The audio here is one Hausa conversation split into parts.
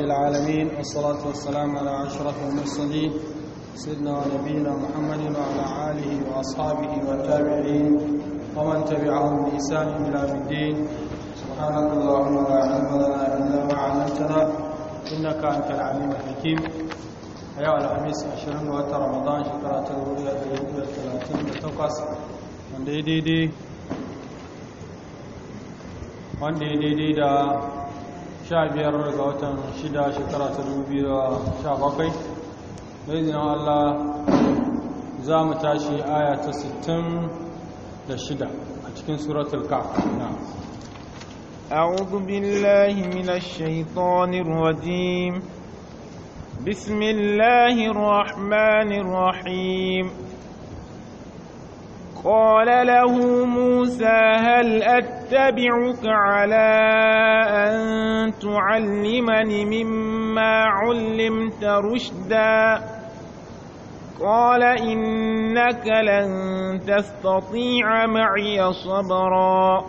رب العالمين والصلاة والسلام على أشرف المرسلين سيدنا ونبينا محمد وعلى آله وأصحابه والتابعين ومن تبعهم بإحسان إلى الدين سبحانك اللهم لا علم لنا إلا ما علمتنا إنك أنت العليم الحكيم يا الخميس عشرين وقت رمضان شكرا تدوريا دوريا الثلاثين تقص من دي دي دي من دي دي, دي, دي, دي, دي, دي, دي, دي, دي sha biyar ga watan shida shekara ta dubu biyu da sha bakwai da izinin Allah za mu tashi aya ta sittin da shida a cikin suratul kaf na أعوذ بالله من الشيطان الرجيم بسم الله الرحمن الرحيم قال له موسى هل أتبعك على أن تعلمني مما علمت رشدا قال إنك لن تستطيع معي صبرا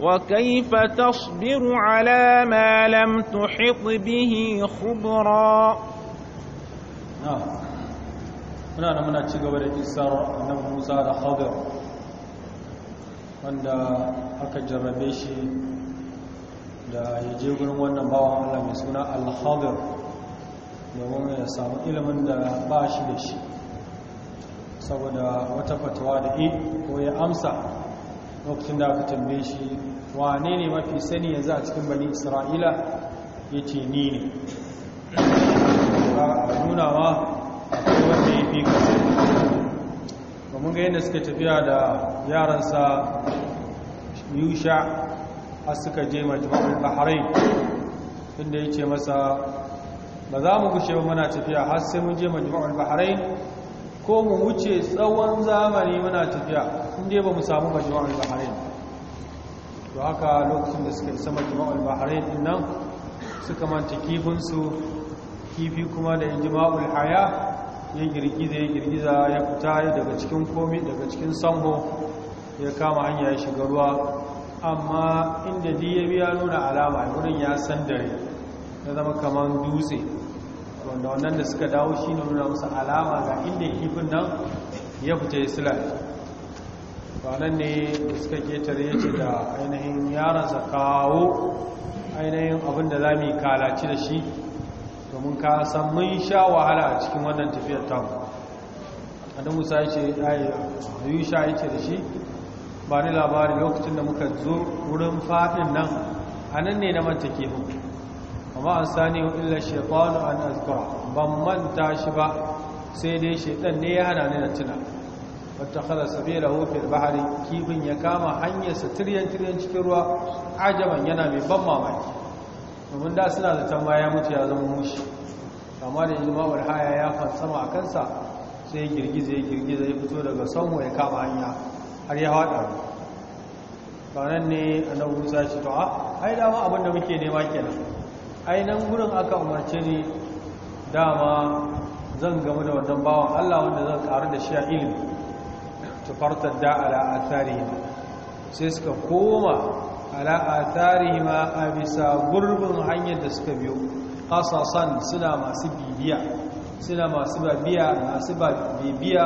وكيف تصبر على ما لم تحط به خبرا نعم. muna da muna cigaba da isar annabi musa da khadir wanda aka jarrabe shi da ya je gurin wannan bawan allah mai suna al-khadir domin ya samu ilimin da ba shi da shi saboda wata fatawa da e ko ya amsa lokacin da aka tambaye shi wane ne mafi sani yanzu a cikin bani isra'ila ya ce ni ne ba a ma wanda ya fi ka ba mun ga yadda suka tafiya da yaransa yusha har suka je majmu'ul bahrain inda yace masa ba za mu gushe ba muna tafiya har sai mun je majmu'ul bahrain ko mu wuce tsawon zamani muna tafiya inda ba mu samu majmu'ul bahrain to haka lokacin da suka isa majmu'ul bahrain din nan suka manta kifinsu kifi kuma da jima'ul haya ya girgiza ya girgiza ya fita daga cikin komi daga cikin sambo ya kama hanya ya shiga ruwa amma inda di ya nuna alama wurin ya san dare ya zama kamar dutse wanda wannan da suka dawo shi ne nuna musu alama ga inda kifin nan ya fita ya sila nan ne da suka ketare ya ce da ainihin yaransa kawo ainihin abinda za mu yi kalaci da shi domin ka san mun sha wahala a cikin wannan tafiyar tamu adam musa ya ce ya yi ya ce da shi ba ni labari lokacin da muka zo wurin fadin nan a nan ne na manta ke hu amma an sani wa illa shekwano an azkura ban manta shi ba sai dai shekwan ne ya hana ni na tuna wata kala sabi da hufin bahari kifin ya kama hanyar sa tiryan cikin ruwa ajaban yana mai ban mamaki domin da suna zaton ma ya mutu ya zama mushi amma da ijma'ul haya ya fansama a kansa sai girgiza ya girgiza ya fito daga samu ya kama hanya har ya haɗa ranar ne a nan musa ce ta'a ai dama abin da muke nema kenan ai nan wurin aka umarce ne dama zan gamu da wannan bawan allah wanda zan karu da shi a ilimi tufartar da a tarihi sai suka koma ala atharihima a bisa gurbin hanyar da suka biyo kasasan suna masu bibiya suna masu babiya masu bibiya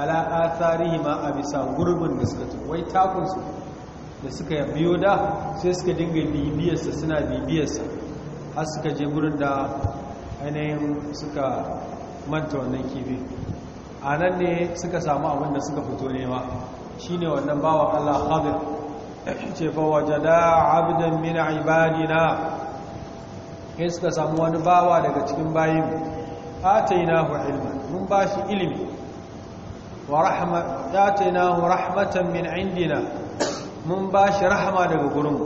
ala atharihima a bisa gurbin da suka tafi wai takunsu da suka biyo da sai suka dinga bibiyarsa suna bibiyarsa har suka je gurin da ainihin suka manta wannan kifi a nan ne suka samu abin da suka fito nema shine wannan bawa Allah Khadir ce fa da abdan min ibadina in suka samu wani bawa daga cikin bayin atainahu ilmi mun bashi ilimi wa rahma atainahu rahmatan min indina mun bashi rahma daga gurin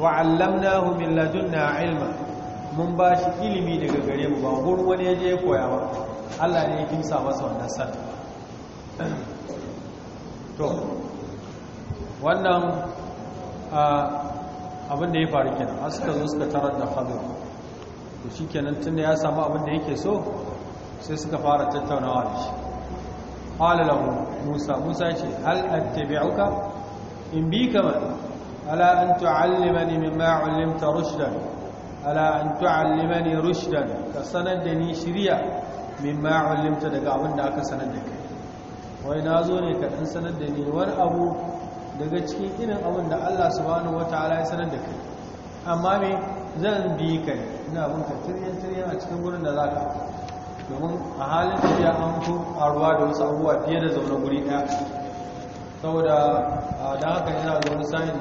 wa 'allamnahu min ladunna ilmi mun bashi ilimi daga gare mu ba gurin wani yaje ya koya ba Allah ne ya kimsa masa wannan sanin to wannan abin da ya faru kenan a suka zo suka tarar da hadu to shi kenan tun da ya samu abin da yake so sai suka fara tattaunawa da shi qala musa musa ce hal attabi'uka in bi kama ala an tu'allimani mimma 'allamta rushdan ala an tu'allimani rushdan ka sanar da ni shiriya mimma 'allamta daga abin da aka sanar da kai wai na zo ne ka dan sanar da ni wani abu daga cikin irin abin da Allah subhanahu wataala ya sanar da kai amma me zan bi kai ina bin ka tiryan tiryan a cikin gurin da za ka domin a halin da ya an a ruwa da wasu abubuwa fiye da zaune guri ɗaya saboda da haka ina da wani sa'in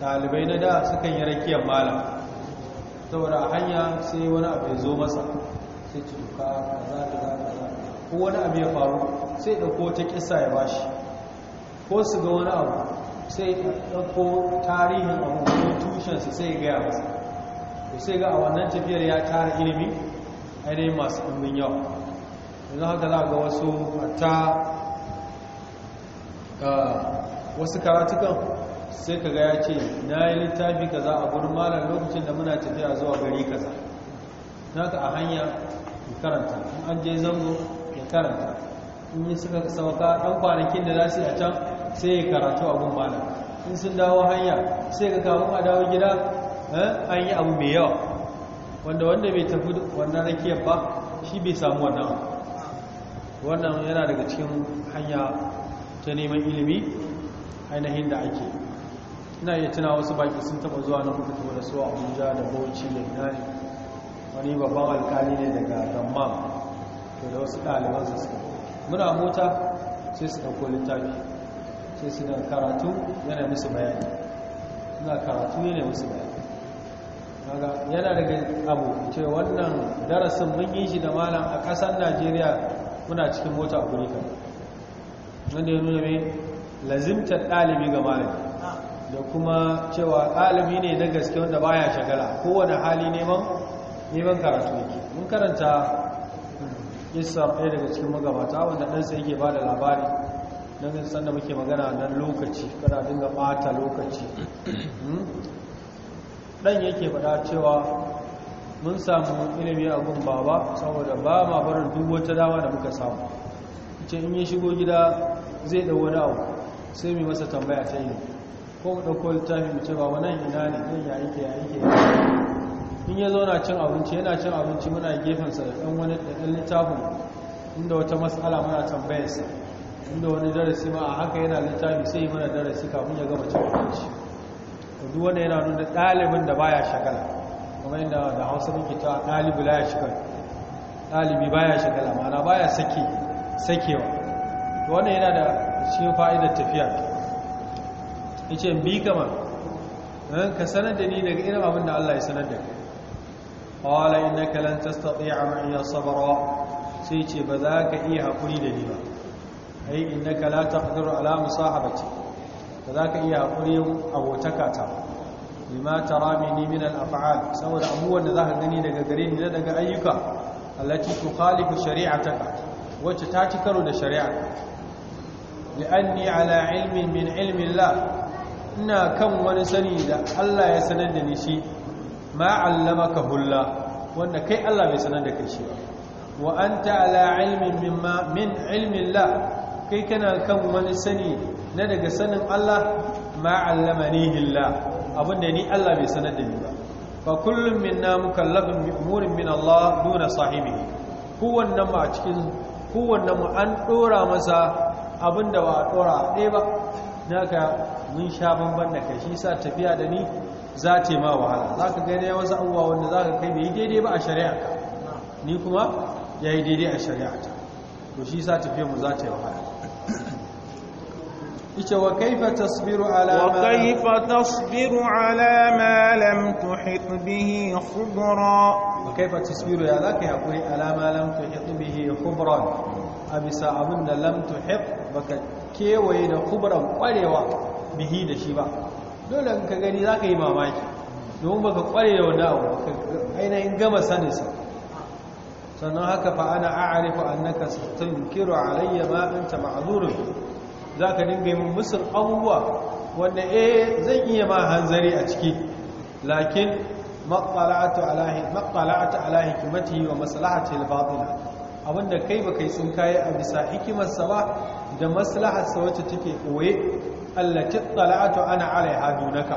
ɗalibai na da sukan yi rakiyar malam saboda a hanya sai wani abu ya zo masa sai ci duka kaza kaza kaza ko wani abu ya faru sai ɗauko ta ƙisa ya bashi ko su ga wani abu sai ko tarihin abu ko tushensu sai gaya masu ko sai ga a wannan tafiyar ya tara ilimi ainihin masu ɗumbin yau yanzu haka za ga wasu ta wasu karatukan sai ka gaya ce na yi littafi kaza a gudun malar lokacin da muna tafiya zuwa gari kaza naka a hanya ya karanta an je zango ya karanta in yi suka sauka ɗan kwanakin da za su yi a can sai ya karatu abun malam in sun dawo hanya sai ka kawo a dawo gida eh, an yi abu mai yawa wanda wanda bai tafi wannan rakiyar ba shi bai samu wannan wannan yana daga cikin hanya ta neman ilimi ainihin da ake ina iya tuna wasu baki sun taba zuwa na kuka tafi da su abuja da bauchi da inani wani babban alkali ne daga dammam to da wasu ɗaliban suka muna mota sai su ɗauko littafi sai su karatu yana musu bayani suna karatu yana musu bayani yana daga abu ce wannan darasin mun yi shi da malam a ƙasar najeriya muna cikin mota a gurika wanda ya nuna mai lazimtar ɗalibi ga malam da kuma cewa ɗalibi ne na gaske wanda baya shagala kowane hali neman neman karatu yake mun karanta isa ɗaya daga cikin magabata wanda ɗansa yake ba da labari don sanda muke magana nan lokaci kada dinga bata lokaci dan hmm? yake faɗa cewa mun samu ilimi a gun baba saboda ba ma barin duk wata dama da muka samu ce in ya shigo gida zai da wani abu sai mai masa tambaya ta yi ko mu ɗauko ta mu ce ba wannan ina ne zan ya yake ya yake in ya zauna cin abinci yana cin abinci muna gefensa da ɗan wani ɗan littafin inda wata mas'ala muna tambayarsa inda wani darasi ma a haka yana littafi sai yi mana darasi kafin ya gama cin abinci duk wanda yana nuna ɗalibin da baya shagala Kuma yadda da hausa muke ta ɗalibi baya shagala ɗalibi baya shagala mana baya sake sakewa wannan yana da cikin fa'idar tafiya yace bi kama eh, ka sanar da ni daga irin abin da Allah ya sanar da kai qala innaka lan tastati'a ma'iya sabra sai ce ba za ka iya hakuri da ni ba ai innaka la taqdiru ala musahabati ba za ka iya hakuri abotaka ta bima taramini min al-af'al saboda abubuwan da zaka gani daga gare ni da daga ayyuka allati tukhalifu shari'ataka wacce ta ci karo da shari'a li'anni ala ilmin min ilmi Allah ina kan wani sani da Allah ya sanar da ni shi ma allamaka hulla wanda kai Allah bai sanar da kai shi ba wa anta ala ilmin min ilmi Allah kai kana kan wani sani na daga sanin Allah ma allamani illah abinda ni Allah bai sanar da ni ba fa kullum minna mukallafun bi umurin min Allah duna sahibi kowannen mu a cikin kowannen mu an dora masa abinda ba a dora ɗaya ba naka mun sha banban da kai shi sa tafiya da ni za ta ma wahala za ka gane wasu abubuwa wanda za ka kai bai daidai ba a shari'a ni kuma ya yi daidai a shari'a ta to shi sa tafiya mu za ta yi wahala ita wa kaifa tasbiru ala wa tasbiru ala ma lam bihi ya zaka hakuri abinda lam tuhit baka kewaye da khubran kwarewa bihi da shi ba dole in ka gani zaka yi mamaki domin baka kware da wani abu ainihin gama sanin sa sannan haka fa ana a'arifu annaka tunkiru alayya ma anta Za zaka dinga yin musul abubuwa wanda e zan iya ma hanzari a ciki lakin maqala'atu alahi maqala'atu alahi kimatihi wa maslahati al-batina abinda kai baka yi sun kai a bisa hikimarsa ba da maslahar sa wacce take koye allati tala'atu ana alaiha dunaka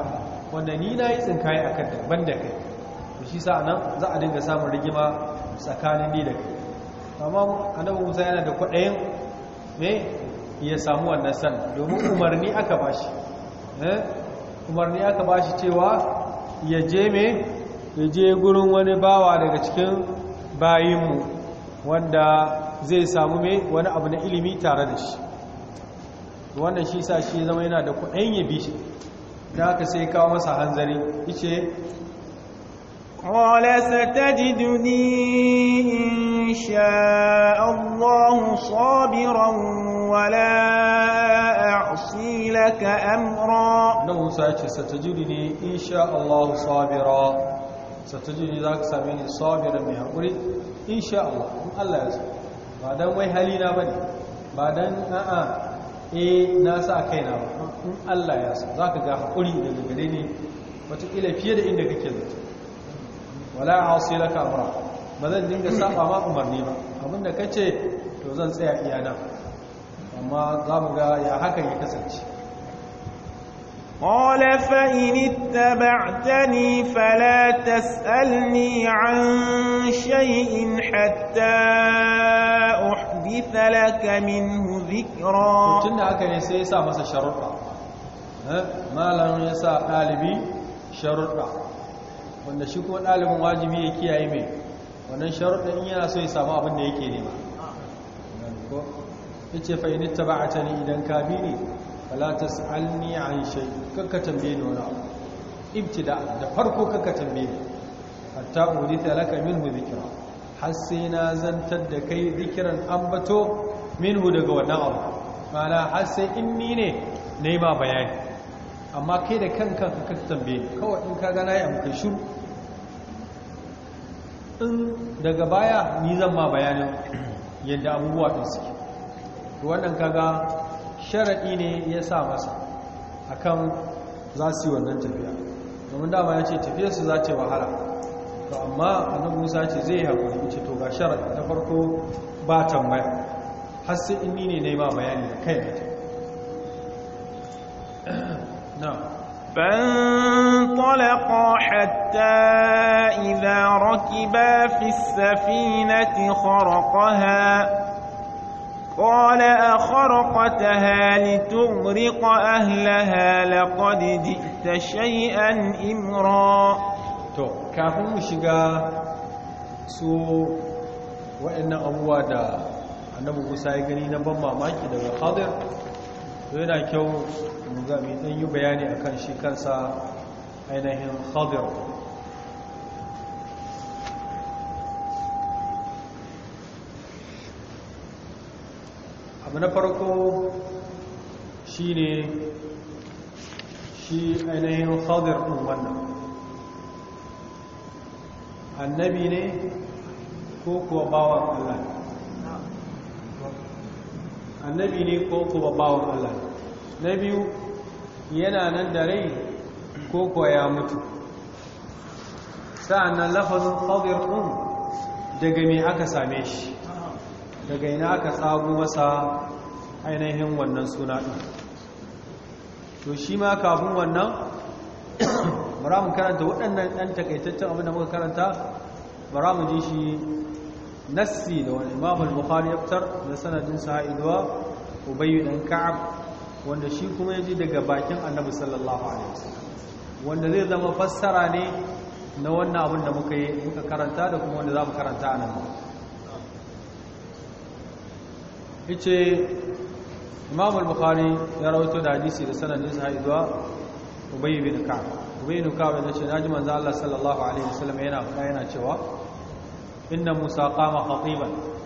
wanda ni nayi tsinkaye akan daban da kai shi sa nan za a dinga samun rigima tsakanin ni da kai amma annabi musa yana da kwadayin me ya samu wannan san domin umarni aka bashi eh? umarni aka bashi cewa ya je me ya je gurin wani bawa daga cikin bayinmu wanda zai samu me wani abu na ilimi tare da shi wannan shi sa shi zama yana da kuɗin ya bi shi da aka sai kawo masa hanzari ice قال ستجدني إن شاء الله صابرا ولا أعصي لك أمرا نو ساتي ستجدني إن شاء الله صابرا ستجدني ذاك ساميني صابرا من أقولي إن شاء الله الله يزال بعدين ويهالينا بني بعدين آآ eh na sa kaina ba in Allah ya sa zaka ga hakuri daga gare ni wata kila fiye da inda kake zato wala asi laka amra ba zan dinga saba ma umarni ba abinda kace to zan tsaya iya nan amma za mu ga ya hakan ya kasance قال فإن اتبعتني فلا تسألني عن شيء حتى أحدث لك منه ذكرا tunda haka ne sai yasa masa sharuɗa eh, malam yasa ɗalibi sharuɗa wanda shi kuma ɗalibin wajibi ya kiyaye mai wannan sharuɗin yana so ya samu abin da yake nema ya ce fa'in ta ba a ta ne idan ka bi ne falatas alni yi shai kakka tambaye ne wani abu ibtida da farko kakka tambaye ni hatta ta laka hu zikira har sai na zantar da kai zikiran ambato hu daga wannan abu mana har sai in ni ne na yi ma bayani amma kai da kanka kakka tambaye kawai in ka gana ya muka shuru in daga baya ni zan ma bayanin yadda abubuwa ɗin suke wannan kaga sharaɗi ne ya sa masa akan za su yi wannan tafiya domin dama ya ce tafiyarsu za ta wahala to amma annabi musa ce zai haƙuri ce to ga sharaɗi na farko ba ta har sai in ni ne na yi ma bayani da kai na ta فانطلقا حتى إذا ركبا في السفينة خرقها قال أخرقتها لتغرق أهلها لقد جئت شيئا إمرا تو كافو مشيغا سو وإن أبوا أنا بقصائي قنينة بما ماكي دا بخاضر وإن أكيو mu za ɗan yi bayani a kan shi kansa ainihin khadir abu na farko shi ne shi ainihin khadir ɗin wannan annabi ne ko kuwa bawan Allah annabi ne ko kuwa bawan Allah na biyu yana nan da rai ko kuwa ya mutu sa'annan lafazin ƙadir ɗin um", daga mai aka same shi daga ina aka tsago masa ainihin wannan suna ɗin to shi ma kafin wannan bara karanta waɗannan ɗan takaitaccen abin da muka karanta bara mu ji shi nassi da wani imam al-bukhari ya fitar da sanadin sa'iduwa ubayyu ka'ab wanda shi kuma ya ji daga bakin annabi sallallahu alaihi wasallam wanda zai zama fassara ne na wannan abin da muka yi muka karanta da kuma wanda za mu karanta a nan ice imam al-bukhari ya rawaito da hadisi da sanadin sa zuwa ubay bin ka'ab ubay bin ka'ab ya ce naji manzo Allah sallallahu alaihi wasallam yana yana cewa inna musa qama khatiban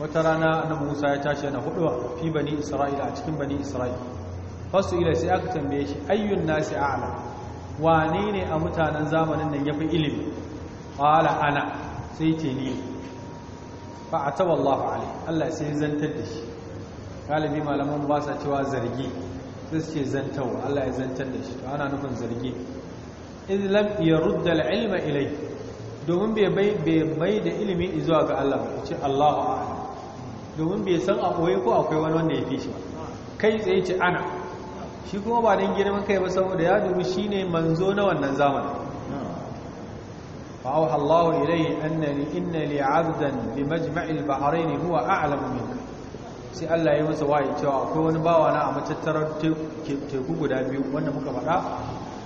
wata rana annabi Musa ya tashi yana huduwa fi bani Isra'ila a cikin bani Isra'ila fasu ila sai aka tambaye shi ayyun nasi a'la wane ne a mutanen zamanin nan yafi ilimi qala ana sai ce ni fa ataba Allahu alai Allah sai zantar da shi galibi malaman ba sa cewa zargi sai su ce zantawa Allah ya zantar da shi to ana nufin zargi in lam yarudda al-ilma ilayhi domin bai bai da ilimi zuwa ga Allah ce Allahu a'lam domin bai san a ɓoye ko akwai wani wanda ya fi shi ba kai tsaye ce ana shi kuma ba don girman kai ba saboda ya dubi shi ne manzo na wannan zamanin fa'auha Allahu ilayhi annani inna li 'abdan bi majma'il bahrayn huwa a'lamu minka sai Allah ya masa wayi cewa akwai wani bawa na a matattarar teku guda biyu wanda muka faɗa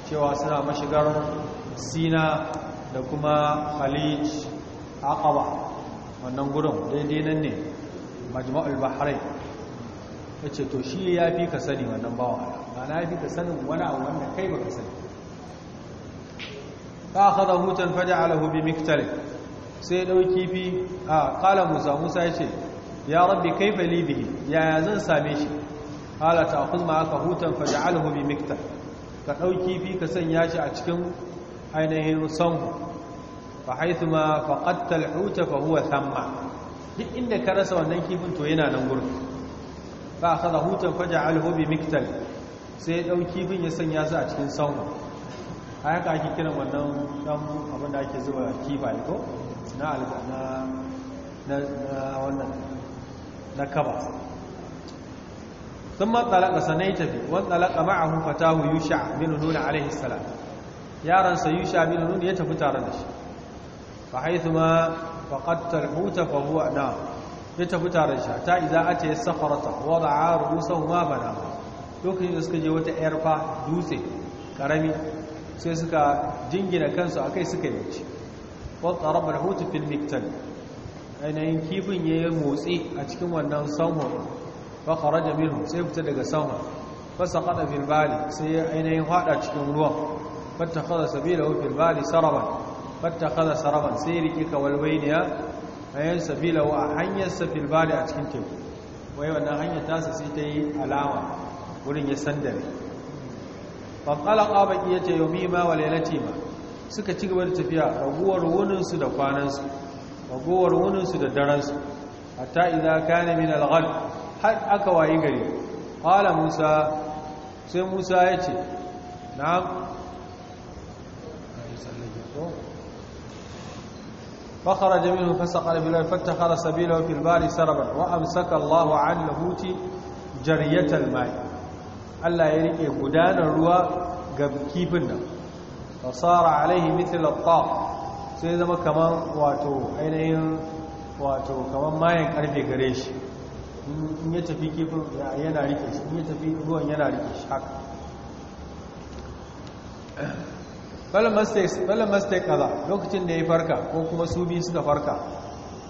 cewa suna mashigar Sina da kuma Khalij Aqaba wannan gurin daidai nan ne majma'ul bahrain yace to shi ya fi ka sani wannan bawan Allah na fi ka sanin wani abu wanda kai baka sani fa akhadha hutan faj'alahu bi miktari sai dauki fi a qala musa musa yace ya rabbi kaifa li bihi ya zan same shi qala ta'khudh ma'aka hutan faj'alahu bi miktar ka dauki fi ka sanya shi a cikin ainihin sanhu fa haythuma faqadta al-huta fa huwa thamma duk inda ka rasa wannan kifin to yana nan gurin fa akhadha hutan faja'alhu bi miktal sai ya dauki kifin ya sanya su a cikin sanwa a haka ake kiran wannan dan abin da ake zuba kifa ne ko na alga na na wannan na kaba Sun matsalaƙa sanai bi wa talaqa ma'ahu fatahu yusha bin nuna alayhi salam yaran sa yusha bin nun ya tafi tare da shi fa faqattar huta fa huwa na ya tafi tare shi ta iza ata ya safarata wada a rubusan ma bana lokacin da suka je wata yar fa dutse karami sai suka jingina kansu a kai suka yi ci wata rabar hutu fil miktal ainihin kifin ya yi motsi a cikin wannan sanwa Ba kharaja minhu sai fita daga sanwa Fasa saqada fil bali sai ainihin haɗa cikin ruwan fa takhadha sabilahu fil bali saraban fattakhadha saraban sai riƙe ka walwayniya ayan sabila wa hanyar safil bali a cikin teku wai wannan hanyar tasa sai ta yi alama wurin ya sandare fa qalaqa baqiyata yawmima wa laylatima suka ci gaba da tafiya raguwar wuninsu da kwanansu su raguwar da daransu su hatta idza kana min al har aka wayi gari qala musa sai musa yace na'am ayi فخرج منه فسق البلاد فاتخذ سبيله في البار سربا وامسك الله عن لاهوت جريه الماء الله يريكي غدان الروا كيفن فصار عليه مثل الطاق sai zama kaman wato ainihin wato kaman mayan karfe gare shi in ya tafi kifin yana rike shi in ya tafi ruwan yana rike shi haka falamastai kaza lokacin da ya farka ko kuma su biyu suka farka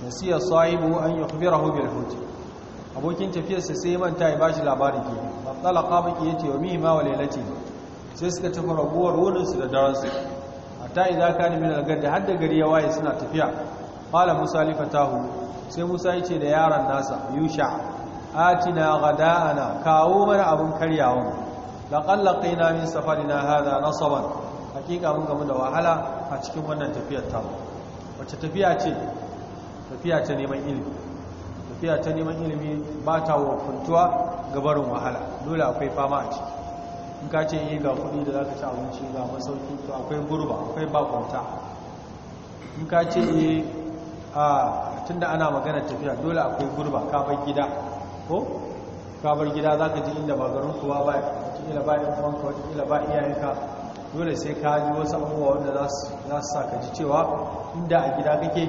nasiya sahibu an yi kubira hubiyar hujji abokin tafiyarsa sai manta ya bashi labarin ke matsala kabaki ya ce wa mihima wa lailaci sai suka tafi raguwar wuninsu da daransu a ta iza ka nemi daga da har da gari ya waye suna tafiya kala musa lifatahu sai musa ya ce da yaron nasa yusha atina ana kawo mana abin karyawan laƙallaƙai na min na hada nasaban hakika mun gamu da wahala a cikin wannan tafiyar ta wacce tafiya ce tafiya ta neman ilimi tafiya ta neman ilimi ba ta wakuntuwa gabarin wahala dole akwai fama a ciki in ka ce yi eh, ga kuɗi da za ka ci abinci ga masauki to akwai gurba akwai bakwauta in ka ce yi eh, a tun da ana magana tafiya dole akwai gurba ka bar gida ko ka bar gida za ka ji inda ba garin kuwa ba wata ba yan uwanka wata ba iyayenka dole sai ka ji wasu abubuwa wanda za su sa ka ji cewa inda a gida kake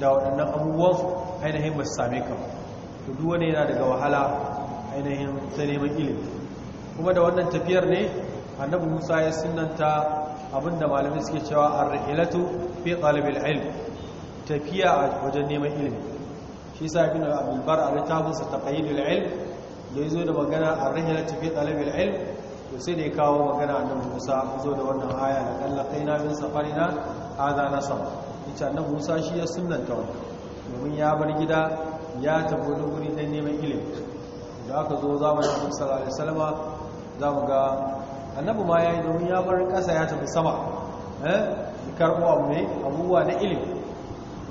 da waɗannan abubuwan ainihin ba su same ka to duk wani yana daga wahala ainihin ta neman ilimi kuma da wannan tafiyar ne annabi musa ya sunanta abinda malamai suke cewa an rihilatu fi talibul ilm tafiya a wajen neman ilimi shi sa fi na bar a littafinsa taqayidul da yazo da magana ar-rihilatu fi talibul ilm to sai da ya kawo magana nan Musa zo da wannan aya da kallakaina min safarina na sama. ita annabi Musa shi ya sunnanta wani domin ya bar gida ya tafi wani wuri don neman ilim. da aka zo zamanin annabi sallallahu alaihi wasallam za mu ga annabi ma ya yi domin ya bar kasa ya tafi sama eh karbo abu abubuwa na ilim.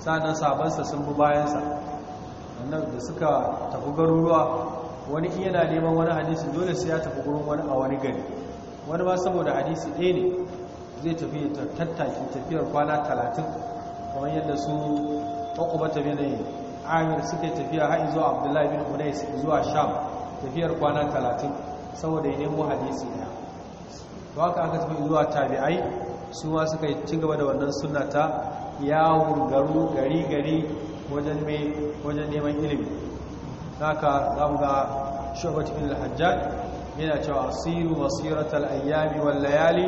sannan sabansa sun bi bayansa annabu da suka tafi garuruwa wani in yana neman wani hadisi dole sai ya tafi gurin wani a wani gari wani ba saboda hadisi ɗaya ne zai tafi tattaki tafiyar kwana talatin kamar yadda su ta bene amir suke tafiya har zuwa abdullahi bin hudais zuwa sham tafiyar kwana talatin saboda ya nemo hadisi ɗaya ba ka aka tafi zuwa tabi'ai su ma suka yi ci gaba da wannan suna ta yawon garu gari gari wajen neman ilimi naka za mu ga shubat bin al yana cewa asiru masirat ayyami wal layali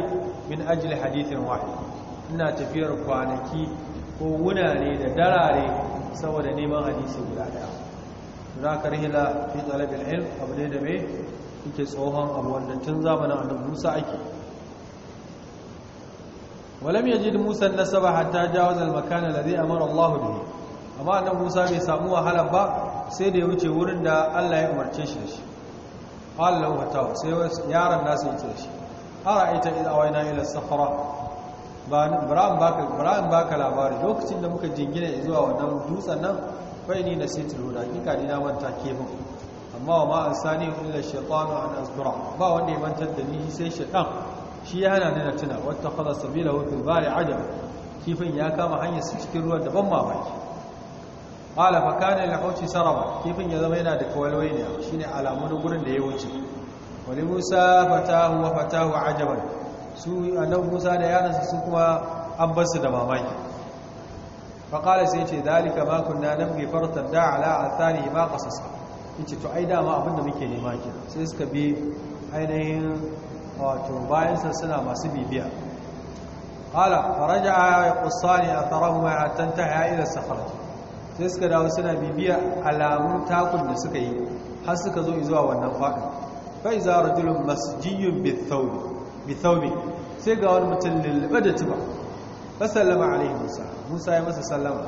min ajli hadithin wahid ina tafiyar kwanaki ko wunare da darare saboda neman hadisi guda daya zaka rihla fi talab al-ilm abu ne da me yake tsohon abu wanda tun zamanin annabi Musa ake ولم يجد موسى النسب حتى جاوز المكان الذي امر الله به amma annabi Musa bai samu wahala ba sai da ya wuce wurin da Allah ya umarce shi da shi Allah hatawa sai yaron nasu ya ce da shi ara ita in awaina ila safara ba Ibrahim baka Ibrahim baka labari lokacin da muka jingina zuwa wannan dutsen nan kai ni na sai tilo da hakika ni na manta ke mu amma ma an sani illa shaytanu an azbura ba wanda ya mantar da ni sai shaytan shi ya hana ni na tuna wata khala sabila wa fil bari ajab kifin ya kama hanyar su cikin ruwa daban mamaki qala fa kane lil hawti saraba kifin ya zama yana da kawalwai ne Shi ne alamun gudun da ya wuce Wani musa fatahu wa fatahu ajaban su annabi musa da yanar su kuma an bar su da mamaki fa sai ce dalika ma kunna namgi faratan da ala athari ma qasasa yace to ai dama abinda muke nema kenan sai suka bi ainihin wato bayansa suna masu bibiya Ƙala faraja ya qussani atharahuma hatta intaha ila sakhrati sai suka dawo suna bibiya alamun takun da suka yi har suka zo zuwa wannan faɗin fa iza rajulun masjiyun bi sai ga wani mutum lulluɓe da tuba fa sallama alaihi musa musa ya masa sallama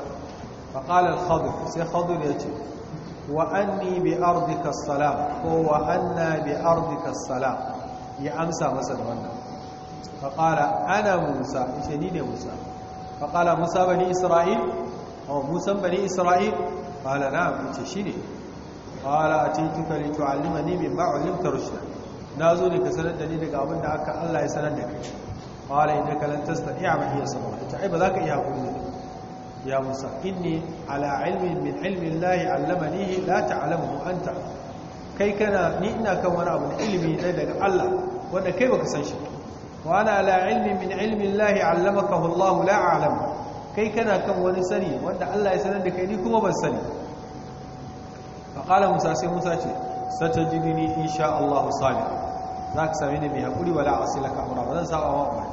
fa qala al-khadir sai khadir ya ce wa an anni bi ardika as-salam ko wa an na bi ardika as-salam ya amsa masa da wannan fa qala ana musa ce ni ne musa fa qala musa bani isra'il aw musan bani isra'il qala na'am yace shine qala atituka li tu'allimani mimma 'allamta rushda nazo ne ka sanar ni daga abin da aka Allah ya sanar da kai qala innaka lan tastati'a ma hiya sabr ta ai ba za ka iya hakuri ya musa inni ala ilmin min ilmi Allah 'allamanihi kai kana ni ina kan wani abu da ilimi ne daga Allah wanda kai baka san shi wa ana ala ilmin min ilmi Allah 'allamakahu Allah la a'lamu kai kana kan wani sani wanda Allah ya sanar da kai ni kuma ban sani faƙala musa sai musa ce sata in insha Allah sami za ka sami ne mai haƙuri wala a sila kamura ba zan saba wa ba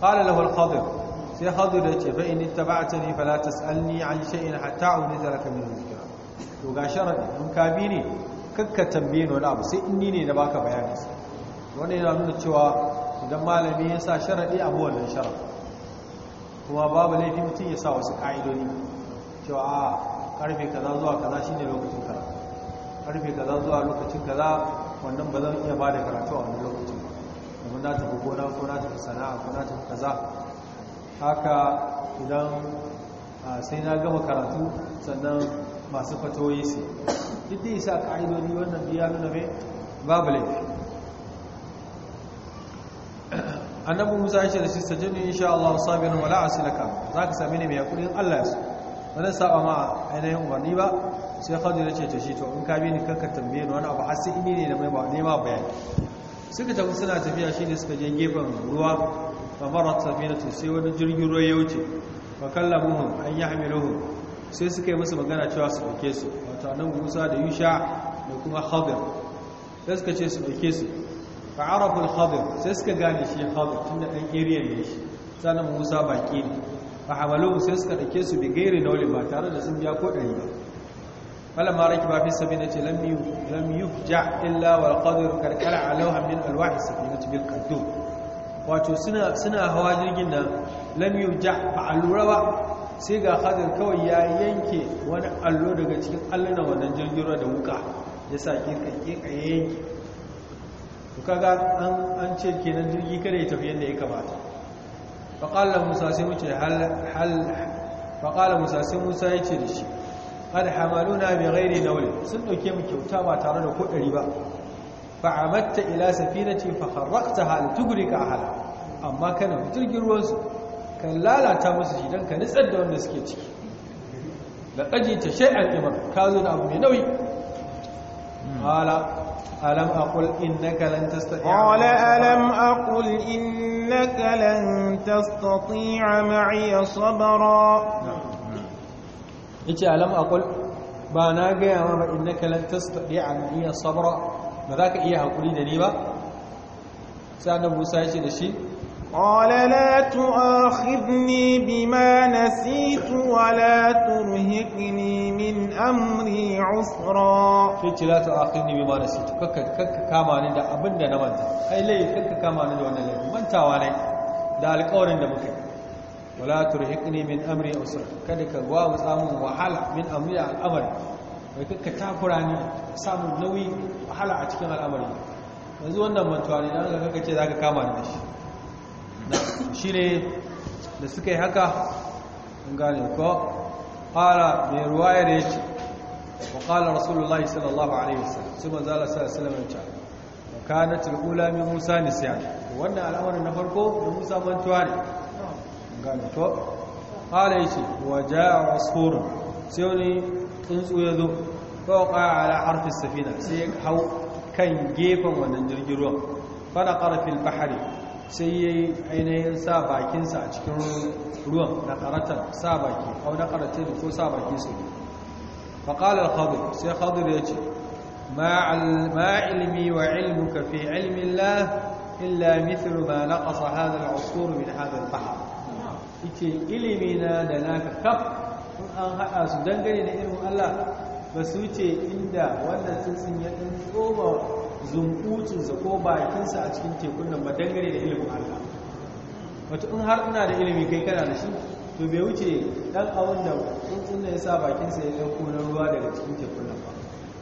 ƙala lahul khadir sai khadir da ce ni ta ba a ta ni fala ta an sha'in hatta a wani min zikira to ga sharaɗi in ka bi ne kakka tambaye ni wani abu sai in ni ne da baka bayani wannan yana nuna cewa idan malami ya sa sharaɗi abu wannan sharaɗi kuma babu laifi mutum ya sa wasu ka'idoni cewa a karfe kaza zuwa kaza shine lokacin kaza karfe kaza zuwa lokacin kaza wannan ba zan iya ba da karatu a wani lokacin kuma na tafi gona ko na tafi sana'a ko na tafi kaza haka idan sai na gama karatu sannan masu fatoyi su duk da isa ƙa'idodi wannan biya nuna mai babu laifi annabi musa ya ce da shi sajini insha Allah sabirin wala asilaka zaka sami ni mai hakuri Allah ya so ba saba ma ainihin umarni ba sai khadir ya ce ta shi to in ka bi ni kanka tambaye ni wani abu har sai ini ne da mai ba nema bayani suka tafi suna tafiya shine suka je gefen ruwa fa marat safinatu sai wani jirgin ruwa ya wuce fa kallamuhum an yahmiluhum sai suka yi musu magana cewa su dauke su wato annabi musa da yusha da kuma khadir sai suka ce su dauke su fa'araful khadir sai suka gane shi khadir tunda ɗan area ne shi sanan Musa baƙi ne fa hamalu sai suka ɗake su bi gairi nauli ba tare da sun biya ko dari ba fala ma ba fi sabina ce lam yu lam illa wal qadir a alawha min alwah safinati bil qadum wato suna hawa jirgin nan lam yufja lura alurawa sai ga khadir kawai ya yanke wani allo daga cikin allunan wannan jirgin da wuka ya sa kirkan kirkan yanke to kaga an ce kenan jirgi kada ya tafi yadda ya kamata faƙala musa sai muce musa sai musa ya ce da shi qad hamaluna bi ghairi nawl sun ɗauke mu kyauta ba tare da kodari ba fa'amatta ila safinati fa kharraqtaha li tugrika ahla amma kana jirgin ruwan su kan lalata musu shi dan ka nitsar da wanda suke ciki laqad ta shay'an imar ka zo da abu mai nauyi qala ألم أقل إنك لن تستطيع قال ألم أقل إنك لن تستطيع معي صبرا إيش ألم أقل بانا جاء ما إنك لن تستطيع معي صبرا ماذاك إيه أقولي دنيبا سأنا موسى يشي قال لا تؤاخذني بما نسيت ولا ترهقني من امري عسرا كيتي لا تؤاخذني بما نسيت كك كك كاماني دا ابن دا نمانت اي لي كك كاماني دا wannan laifi manta wa lai da alƙawarin da muke ولا ترهقني من امري عسرا kada ka gwa mu samu wahala amri al'amari kai kak ka takurani samu nauyi wahala a cikin al'amari yanzu wannan mantuwa ne dan ka kake zaka kama ni shi shi ne da suka yi haka gane ko ƙara mai ruwa ya ce wa ƙala rasulullahi sallallahu alaihi wasallam su manzo Allah sallallahu alaihi wasallam ya ce kana tilula min Musa nisyan wannan al'amarin na farko da Musa mantuwa ne gane ko ƙala ya ce wa ja'a rasulun sai wani tsuntsu ya zo fauka ala harfin safina sai ya hau kan gefen wannan jirgin ruwan fana ƙarfin bahari sai ya yi ainihin sa bakinsa a cikin ruwan na karatar sa baki au na karatar ko sa baki su faƙalar khadir sai khadir ya ce ma ilmi wa ilmuka fi ilmin la illa mithlu ma naqasa hadha al-usur min hadha al-bahr ilimi na da naka kaf in an haɗa su dangane da ilmin Allah ba su ce inda wannan tsitsin ya dan tsoma zunkucinsa ko bakinsa a cikin tekun nan ba dangane da ilimin Allah wato in har ina da ilimi kai kana da shi to bai wuce dan awon da tsuntsun ya sa bakinsa ya ɗauko na ruwa daga cikin tekun nan ba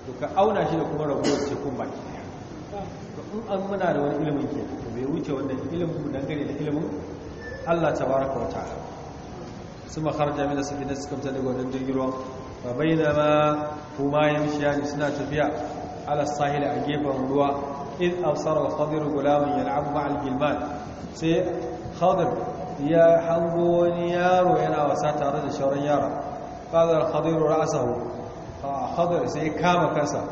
to ka auna shi da kuma ragowar tekun baki ɗaya to in an muna da wani ilimin ke to bai wuce wanda ilimin dangane da ilimin Allah tabaraka wa Su suma kharja min as-safinati suka fita daga wannan jirgin ruwa fa bainama huma yamshiyani suna tafiya على الساحل أجيب الرواء إذ أبصر الخضر غلام يلعب مع الجلمان سي خضر يا حمبون يا روينا وساتا رد شورن يارا قال الخضر رأسه خضر سي كام كسا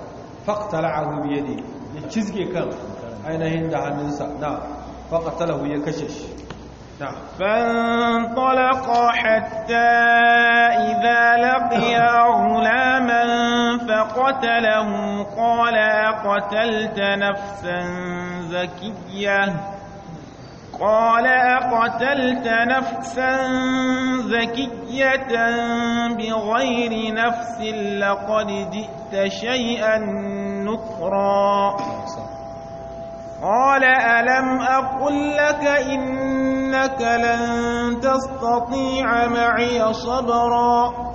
فاقتلعه بيدي يتشزقي كام أين هند عن نسا نعم فاقتله يكشش فانطلقا حتى إذا لقيا غلاما فقتله قال أقتلت نفسا زكية قال أقتلت نفسا زكية بغير نفس لقد جئت شيئا نكرا نعم، قال ألم أقل لك إن إنك لن تستطيع معي صبرا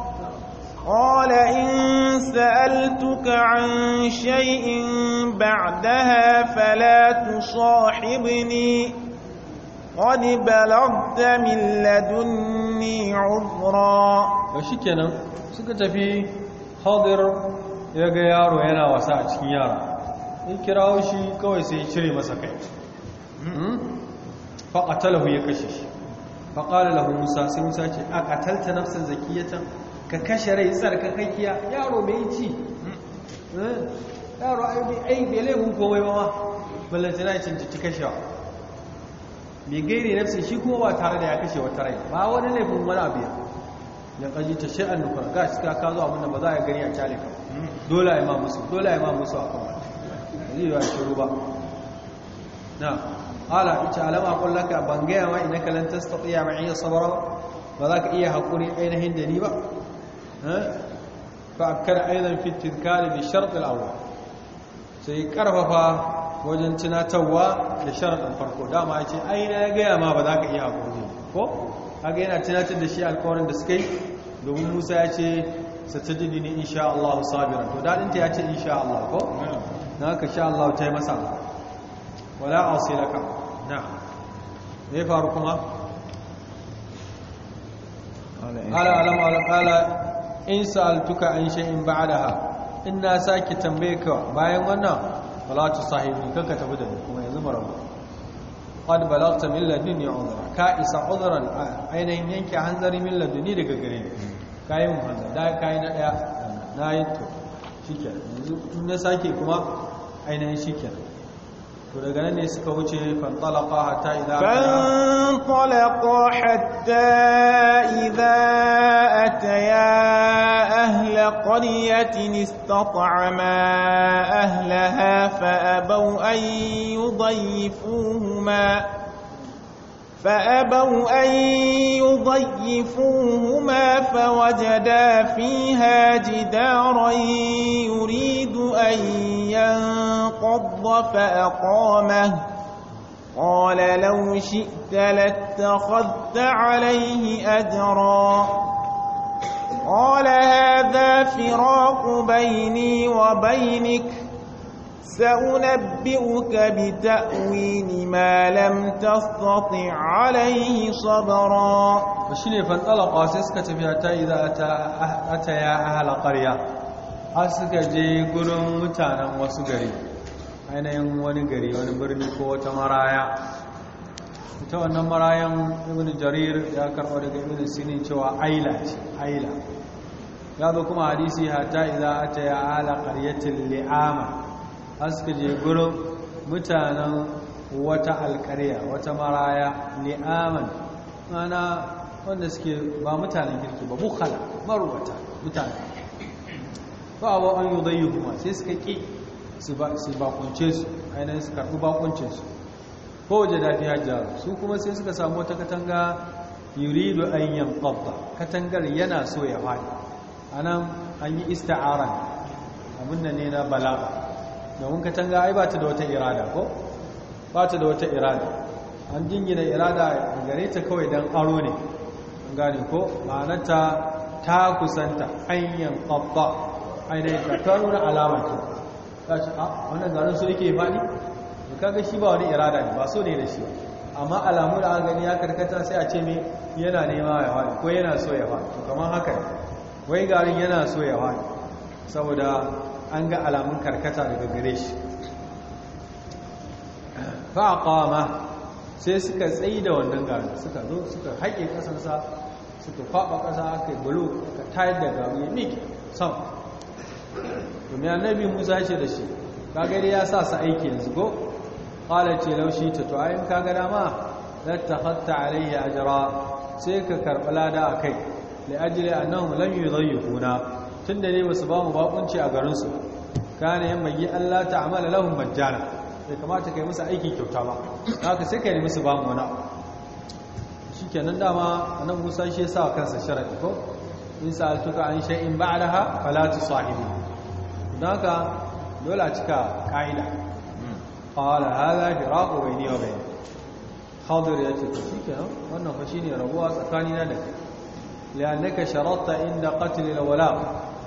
قال إن سألتك عن شيء بعدها فلا تصاحبني قد بلغت من لدني عذرا وشكنا سكت في حاضر يا ga وانا وسعت خيار ان cikin yara in kirawo fa’atalahu ya kashe shi faƙala lahu musa sai musa ce a ƙatalta nafsan zakiyatan ka kashe rai tsarkakakkiya yaro mai ci hmm. eh? yaro ai bai laifin komai ba ma na cin ta wa mai gairi nafsi shi kuma ba tare da ya kashe wata rai ba wani laifin wani abu ya kaji ta shi'an nufar ga shi ka kazo abinda ba za a gani a kyale ka hmm. dole yi ma musu dole yi ma musu a kuma zai yi wa shiru ba na qala ita alam aqul laka ban gaya ma innaka lan tastati'a ma'i sabra ba za ka iya hakuri ainihin da ni ba fa akkar aidan fi tizkari bi shart al-awwal sai karfafa wajen tunatarwa da sharaɗin farko dama ya ce aina ya gaya ma ba za ka iya hakuri ko haka yana tunatar da shi alkawarin da suka yi domin musa ya ce satajidi ne insha Allah sabira to daɗinta ya ce insha Allah ko hmm. na haka sha Allah ta yi masa wala a نعم ايه faru kuma ala قال قال in sa'altuka an shay'in ba'daha in bayan wannan wala tu sahibi kanka tafi da kuma yanzu marabu qad balagta min laduni udra ka isa udran ainihin yanke hanzari min laduni daga gare ni kai mun da kai na daya na yi فانطلقا حتى إذا أتيا أهل قرية استطعما أهلها فأبوا أن يضيفوهما فأبوا أن يضيفوهما فوجدا فيها جدارا يريد أن ينقض فأقامه قال لو شئت لاتخذت عليه أجرا قال هذا فراق بيني وبينك سأنبئك بتأويل ما لم تستطع عليه صبرا فشني فانطلقا سيسكة بيعتا إذا أتى أه- يا أهل قرية أسكة جي قرم متانا وسقري أين ينواني قري ونبرني قوة مرايا ita wannan marayan ibn jarir ya karɓo daga ibn sinin cewa aila ce aila ya aska je gurin mutanen wata alkariya wata maraya ne, li'aman mana wanda suke ba mutanen girki ba bukala marubata mutane ba abu an yi zai kuma sai suka ƙi su bakunce su ainihin su karɓi bakunce su ko waje dafi hajjar su kuma sai suka samu wata katanga yuridu an yanqadda katangar yana so ya A nan an yi ista'ara abin ne na balaga domin katanga ai ba ta da wata irada ko ba ta da wata irada an jingina irada gare ta kawai don aro ne an gane ko ma'anarta ta kusanta hanyar ƙafa ainihin ta ta nuna alama ce ta ce a ah, wannan garin su yake faɗi da kaga shi ba wani irada ne ba so ne da shi amma alamu da an gani ya karkata sai a ce me yana nema ya faɗi ko yana so ya faɗi to kamar haka wai garin yana so ya faɗi saboda an ga alamun karkata daga gare shi fa'aqama sai suka tsayi da wannan garin suka zo suka haƙe ƙasarsa suka faɓa ƙasa aka yi bulo aka tayar da garin ya miƙe sam domin annabi musa ce da shi kagari ya sa su aiki yanzu ko kala ce laushi ta to ayin kaga dama latta hatta alayya sai ka karɓi lada a kai da ajiyar annahu lam yi tun da ne basu ba mu bakunci a garinsu kana yan mai Allah ta'amala lahum majjana bai kamata kai musu aiki kyauta ba haka sai kai musu ba mu wani shikenan dama nan Musa shi yasa kansa sharadi ko in sa'altuka an shay'in ba'daha fala tusahibi don haka dole a cika ka'ida qala hadha firaqu bayni wa bayni khadir ya ce shikenan wannan fa shine rabuwa tsakanina da kai لأنك شرطت عند قتل الولاء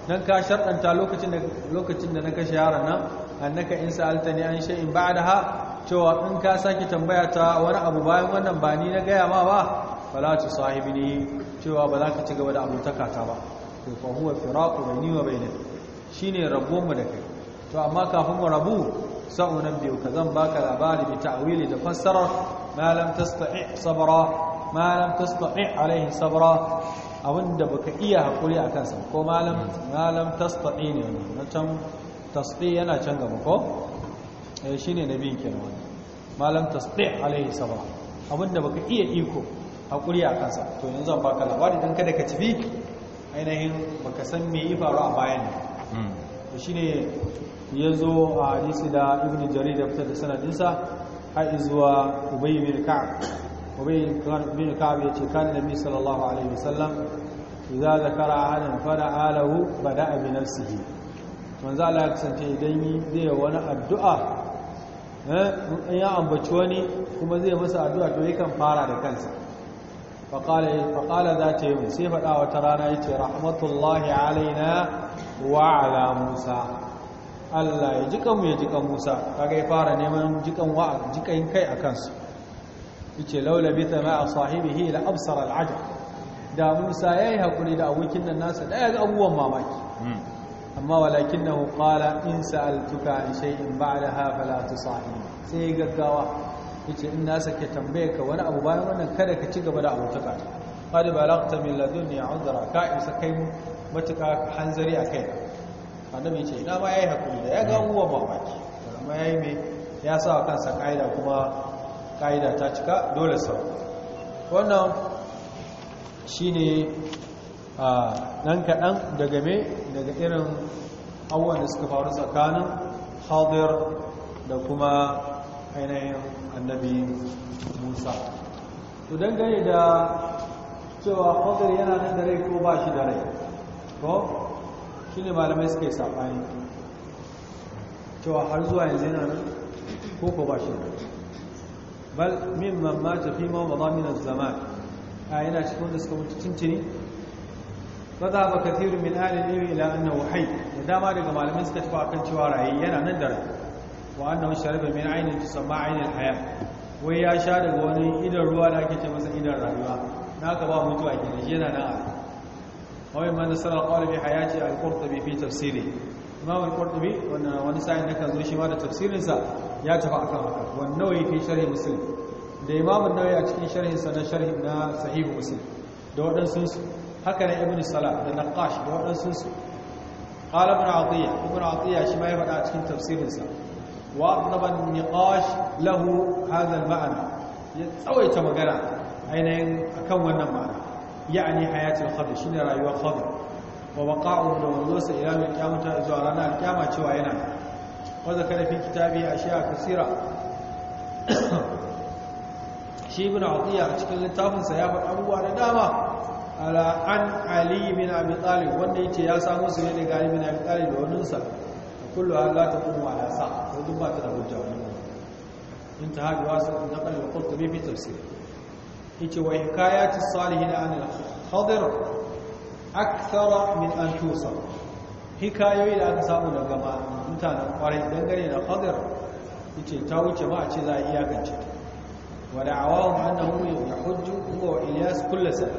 nan ka sharɗanta lokacin da na kashe yaron nan annaka in sa'alta ne an shay'in ba'daha cewa in ka saki tambaya ta wani abu bayan wannan ba ni na gaya ma ba fala tu sahibini cewa ba za ka ci gaba da abotaka ta ba to fa huwa firaqu baini wa bainak shine rabon mu da kai to amma kafin mu rabu sa'u biyu ka zan baka labari bi ta'wili da fassarar ma lam tastati sabra ma lam alaihi sabra abin da baka iya haƙuri a kansa ko malam malam tasfaɗi ne wani na can tasfi yana can gaba ko eh, shi ne na biyun kenan wani malam tasfi alaihi sama abin da baka iya iko haƙuri a kansa to yanzu zan baka labari don kada ka cibi ainihin baka san me yi faru a bayan ne hmm. to shi ne ya zo a hadisi da ibn jarir da fitar da sanadinsa har zuwa ubayy bin ka'ab ubay bin ce kan nabi sallallahu alaihi wasallam idza zakara ahadan fada'a lahu bada'a bi nafsihi manzo Allah ya kasance idan yi zai wani addu'a in ya ambaci wani kuma zai masa addu'a to yakan fara da kansa faƙala za ta yi sai faɗa wata rana ya ce rahmatullahi alaina wa ala musa Allah ya jikan mu ya jikan musa kaga ya fara neman jikan kai a kansu yace laula bita ma sahibihi la absara al'ajab da Musa yayi hakuri da abokin nan nasa daya ga abubuwan mamaki hmm. amma walakinahu qala in sa'altuka an shay'in ba'daha fala tusahibi sai gaggawa yace in na sake tambaye ka wani abu bayan wannan kada ka ci gaba da abotaka qad balagta min ladunni uzra ka isa kai mu matuka hanzari akai annabi yace ina ma yayi hakuri da ya ga hmm. abubuwan mamaki amma yayi me ya sa kansa kaida kuma ƙa'ida ta cika dole sau wannan shi ne a ɗan kaɗan daga me daga irin abubuwan da suka faru tsakanin hadir da kuma ainihin annabi musa to dangane da cewa hadir yana nan da rai ko ba shi da rai ko shi ne malamai suka yi saɓani cewa har zuwa yanzu yana nan ko ko ba shi da rai bal mimman mata fi ma wada min az-zaman a yana cikin wanda suka mutu cin-cin. fa za ba kathiru min ahli al-ilm ila annahu hayy dama daga malamai suka tafi akan cewa rayi yana nan da wa annahu shariba min aynin tusamma ayn al-hayat wai ya sha daga wani idan ruwa da ake ce masa idan rayuwa naka ba mutuwa kenan yana nan a wai man nasara qala bi hayati al-qurtubi fi tafsiri imam al-qurtubi wani sa'in da kan zo shi ma da tafsirinsa ya tafi akan haka wannan nawawi fi sharhi muslim da imam an-nawawi a cikin sharhin sa na sharhi na sahih muslim da waɗansu haka ne ibn salah da naqash da waɗansu qala ibn atiya ibn atiya shi ma ya faɗa a cikin tafsirinsa wa adaba an-niqash lahu hadha al-ma'na ya tsawaita magana ainihin akan wannan ma'ana yani hayatul khadr shine rayuwar khadr wa waqa'u da wanzuwarsa ila mai kyamata zuwa ranar kyama cewa yana wa zakara fi kitabi ashiya kasira shi ibn atiya a cikin littafinsa ya faɗa abubuwa da dama ala an ali bin abi talib wanda yace ya samu su ne ga ali bin abi talib da wannan sa kullu Allah ta kuma ala sa ko duk ba ta da hujja wannan intaha bi wasu naqal wa qultu bi tafsir yace wa hikayatu salihin an al-khadir akthara min an tusa hikayoyi da aka samu daga mutanen kwarai dangane da khadir yace ta wuce ma a ce za a iya iyakance ta wa da'awahum annahu yahujju huwa wa ilyas kull sana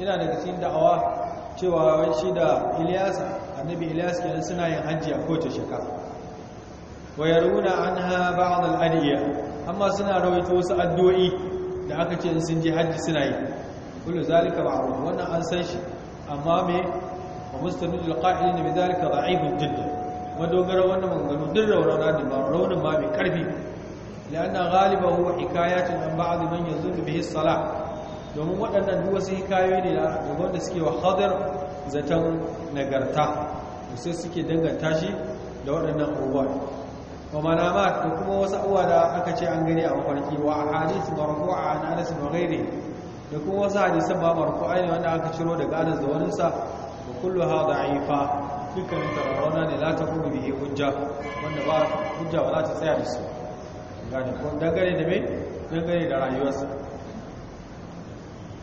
ina daga cikin da'awa cewa wai shi da ilyas annabi ilyas kenan suna yin hajji a kowace shekara wa yaruna anha ba'd al-adiya amma suna rawaito wasu addu'o'i da aka ce sun je hajji suna yi kullu zalika ma'ruf wannan an san shi amma me wa mustanid alqa'ilin bi zalika da'ifun jiddan dogara wannan maganganu din raunana da ba raunin ba mai karfi la'anna ghalibahu hikayatun an ba'd man yazunnu bihi salah domin waɗannan duk wasu hikayoyi ne da wanda suke wa hadir zaton nagarta sai suke danganta shi da waɗannan abubuwa wa manama da kuma wasu abubuwa da aka ce an gani a mafarki wa a marfu'a an anas wa da kuma wasu hadisan ba marfu'a ne wanda aka ciro daga anas da wani sa wa kullu ha aifa dukkan tarawana ne la da bihi hujja wanda ba hujja ba za ta tsaya da su gane ko dangane da me dangane da rayuwarsa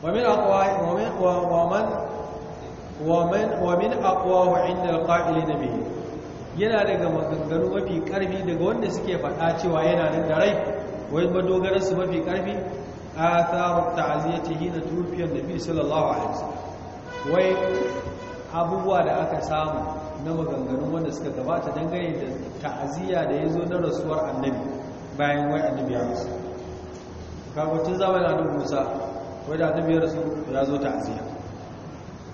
wa min aqwa wa min wa man wa man wa min aqwa inda yana daga maganganu mafi karfi daga wanda suke faɗa cewa yana nan da rai wai madogarar su mafi karfi athar ta'ziyati hina tufiyan nabi sallallahu alaihi wasallam wai abubuwa da aka samu na maganganun wanda suka gabata dangane da ta'aziyya da yazo na rasuwar annabi bayan wai annabi ya rasu kaga tun zaman annabi Musa wai da annabi ya rasu ya zo ta'aziyya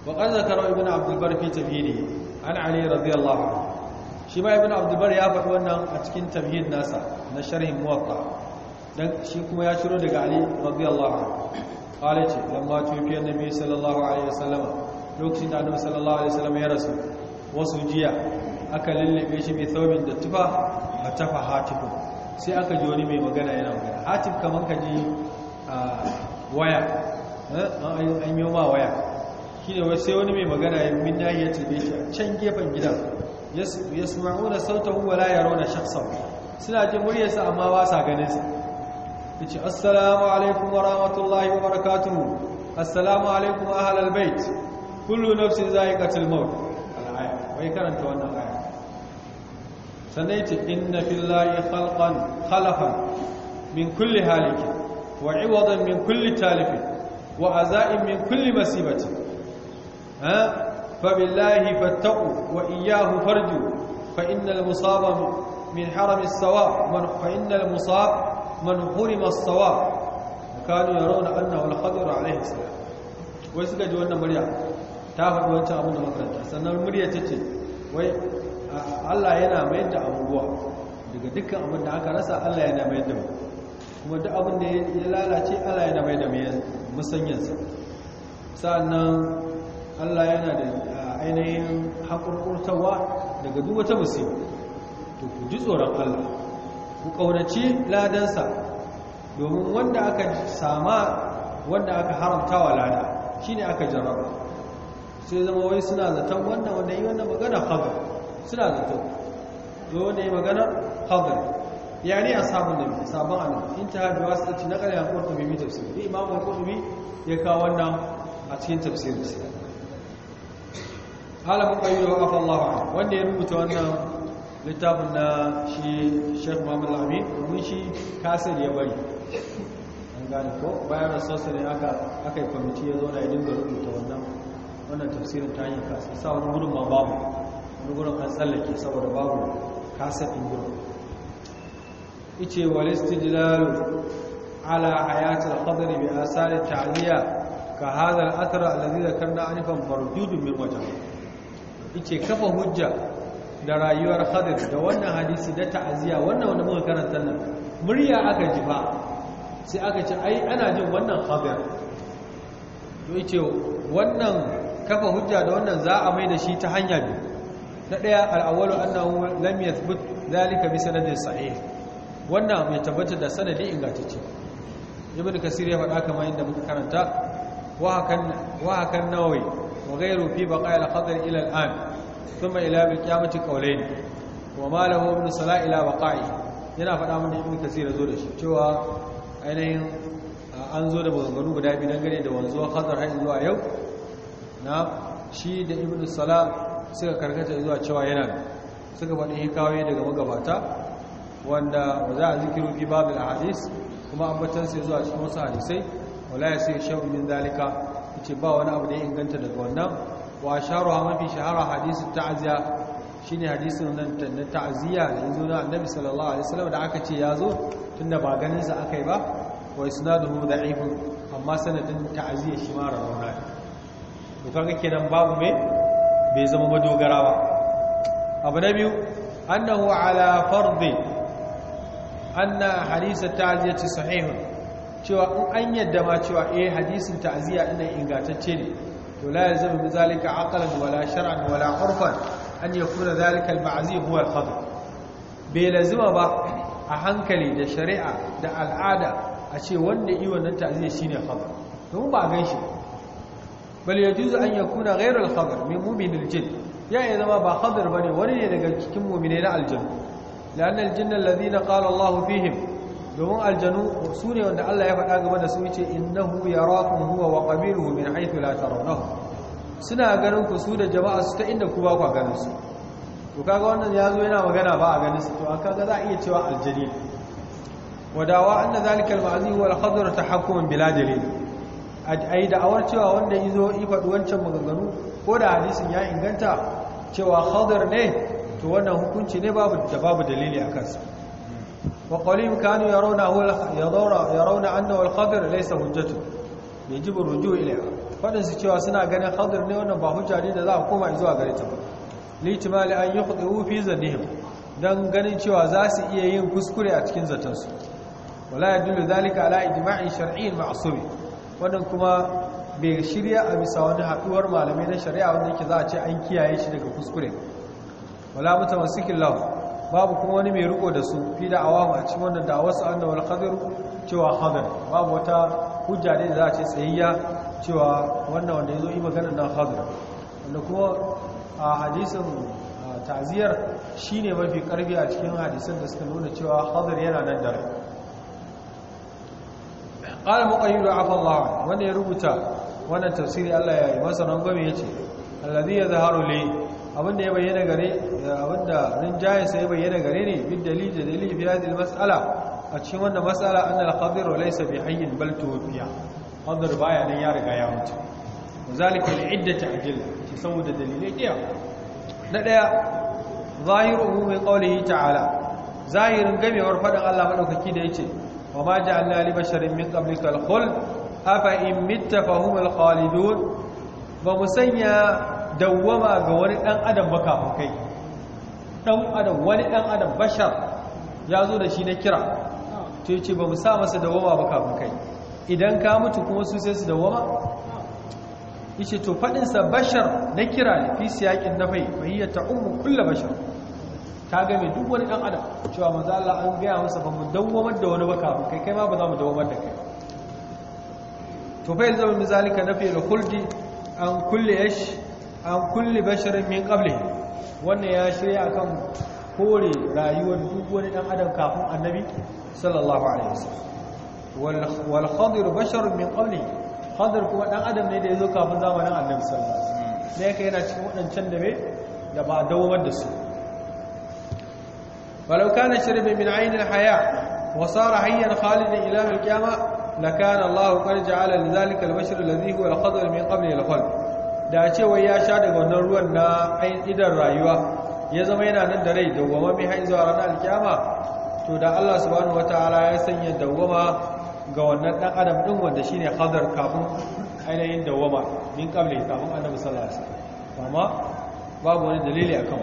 wa qad zakara ibn abdul bar fi tabhidi an ali radiyallahu anhu shi ma ibn abdul bar ya faɗi wannan a cikin tabhid nasa na sharhin muwatta dan shi kuma ya ciro daga ali radiyallahu anhu kale ce lamma tufiya nabi sallallahu alaihi wasallam lokacin da annabi sallallahu alaihi wasallam ya rasu wasu jiya aka lullube shi bi thawbin da tufa a tafa hatib sai aka ji wani mai magana yana magana hatib kaman ka ji waya eh, an yi ma waya kine wai sai wani mai magana ya min nahiyatul shi can gefen gidan yasma'una sautahu wa la yarawna shakhsan suna jin muryarsa amma ba sa ganin sa yace assalamu alaikum wa rahmatullahi wa barakatuh assalamu alaikum ahlal bait kullu nafsin za'iqatul maut al-aya wai karanta wannan aya sannan yace inna fillahi khalqan khalaqan min kulli halikin wa 'iwadan min kulli talifin wa aza'in min kulli masibatin ha فبالله فاتقوا وإياه فرجوا فإن المصاب من حرم السواء فإن المصاب man hurima da kanu yarawna annahu al-khadir alayhi salam wai suka ji wannan murya ta faɗi wancan abin da makaranta sannan murya ta ce wai Allah yana mayar da abubuwa daga dukkan abin da aka rasa Allah yana mayar da mu kuma duk abin da ya lalace Allah yana mayar da sa sannan Allah yana da ainihin haƙurƙurtawa daga duk wata musiba to ku ji tsoron Allah ku ƙaunaci ladansa domin wanda aka sama wanda aka haramta wa lada shi ne aka jarraba sai zama wai suna zaton wannan wanda yi wannan magana hagar suna zaton to wanda yi magana hagar ya ne a sabon nabi sabon annabi in ta hajji wasu tsaci na ƙarya ƙurtubi mai tafsiri ne imamu ƙurtubi ya kawo wannan a cikin su halamun ƙayyar wa ƙafa Allah wanda ya rubuta wannan littafin na shi shek muhammad labi mun domin shi kasir ya bari an gane ko bayan rasosa ne aka yi kwamiti ya zauna ya dinga rubuta wannan wannan tafsirin ta yi kasir sa wani gudun ma babu wani gudun kan tsallake saboda babu kasir ɗin gudun ice walisti jilalu ala hayatul qadari bi asari ta'liya ka hadha al-athar alladhi dhakarna anifan mardudun min wajh ice kafa hujja da rayuwar khadir da wannan hadisi da ta'aziyya wannan wanda muka karanta nan murya aka ji ba sai aka ce ai ana jin wannan khadir to yace wannan kafa hujja da wannan za a mai da shi ta hanya bi na daya al-awwalu annahu lam yathbut dhalika bi sanadin sahih wannan mai tabbata da sanadi ingantacce ibnu kasir ya faɗa kamar yadda muka karanta wa hakan wa hakan nawawi wa ghayru fi baqa'il qadr ila al-an thumma ila bil qiyamati qawlayn wa ma lahu ila yana faɗa mana ibnu kasir zo da shi cewa ainihin an zo da maganganu guda biyu gane da wanzuwar hadar har zuwa yau na shi da ibnu sala suka karkata zuwa cewa yana suka faɗi hikawaye daga magabata wanda za a zikiru fi babul hadis kuma ambatan sai zuwa cikin wasu hadisai wala ya sai shau min zalika ce ba wani abu da ya inganta daga wannan wa sharuwa mafi shahara hadisun ta'aziyya shi ne hadisun nan na ta'aziyya da yanzu na annabi sallallahu alaihi wasallam da aka ce ya zo tun da ba ganinsa aka yi ba wai suna da isnaduhu da'ifun amma sanadin ta'aziyya shi ma rauna ne to ke nan babu me bai zama madogara ba abu na biyu annahu ala fardi anna hadisa ta'aziyya sahihun cewa in an yadda ma cewa eh hadisin ta'aziyya ina ingantacce ne to la yalzamu min zalika aqlan wala shar'an wala urfan an yakuna zalika al-ma'zi huwa al-khata bai lazima ba a hankali da shari'a da al'ada a ce wanda yi wannan ta'ziya shine khata domin ba gan shi bal yajuzu an yakuna ghayra al-khata min mu'min al-jinn ya ya ba ne, wani ne daga cikin mu'minai na aljanna لأن الجن الذين قال الله فيهم domin aljanu su ne wanda Allah ya faɗa game da su yace innahu yarakum huwa wa qabiluhu min haythu la tarawnahu suna ganin ku su da jama'a su ta inda ku ba ku ganin su to kaga wannan yazo yana magana ba a ganin su to kaga za a iya cewa aljani wadawa anna zalika al-ma'zi wal khadra tahakkuman bila dalil ai da awar cewa wanda yazo yi faɗi wancan maganganu ko da hadisin ya inganta cewa khadar ne to wannan hukunci ne babu da babu dalili a kansa وقولهم كانوا يرونه يرون أنه الخضر ليس حجته يجب الرجوع إليها فدن سيوا سنا غني خضر ne wannan ba hujja ne da za a koma zuwa gare ta ba litimali an yukhdu fi zannihim dan ganin cewa za su iya yin kuskure a cikin zaton su wala yadullu zalika ala ijma'in shar'iyyin ma'subi wannan kuma bai shirya a bisa wani haduwar malamai na shari'a wanda yake za a ce an kiyaye shi daga kuskure wala mutawassikin lahu babu kuma wani mai riko da su fi da awa a cikin wannan da wasu wal khadir cewa khadir babu wata hujja ne da za a ce tsayayya cewa wannan wanda ya yi magana nan khadir wanda kuma a hadisin ta'aziyar shi ne mafi karfi a cikin hadisan da suka nuna cewa khadir yana nan da rai ƙara maƙayyu da wanda ya rubuta wannan tafsiri allah ya yi masa nan ya ce alladhi yadhharu li abinda ya bayyana gare abinda rinjaye sai ya bayyana gare ne bin dalil da dalil fi hadhihi mas'ala a cikin wannan mas'ala annal qadir laysa bi hayyin bal tuwfiya qadir baya nan ya riga ya mutu zalika al iddatu ajil ci saboda dalilai kiya na daya zahiruhu min qawlihi ta'ala zahirin gamewar fadin Allah madaukaki da yace wa ma ja'alna li basharin min qablika al khuld afa in mitta fahum al khalidun ba musanya dawwama ga wani ɗan adam ba kafin kai ɗan adam wani ɗan adam bashar ya zo da shi na kira to ce ba mu sa masa dawwama ba kafin kai idan ka mutu kuma su sai su dawwama ce to faɗinsa bashar na kira ne fi siyakin na fai yi ta umu kulla bashar ta game duk wani ɗan adam cewa za Allah an gaya masa ba mu dawwamar da wani ba kafin kai kai ma ba za mu dawwamar da kai to fa yanzu min zalika nafi al-khuldi an kulli yash an kulle basharin min qabli wannan ya shirya akan kore rayuwar duk wani ɗan adam kafin annabi sallallahu alaihi wasallam khadir basharun min qabli khadir kuma ɗan adam ne da ya zo kafin zamanin annabi sallallahu alaihi wasallam sai yana cikin waɗancan da me da ba dawamar da su walau kana sharibi min ayn al haya wa sara hayyan khalidan ila al qiyamah lakana allah qad ja'ala lidhalika al bashar alladhi huwa da cewa ya sha daga wannan ruwan na ayin idan rayuwa ya zama yana nan da rai dawwama mai hain zuwa ranar alkiyama to da Allah subhanahu wataala ya sanya dawwama ga wannan dan adam din wanda shine hadar kafin ainihin dawwama min qabli kafin annabi sallallahu alaihi wasallam amma babu wani dalili akan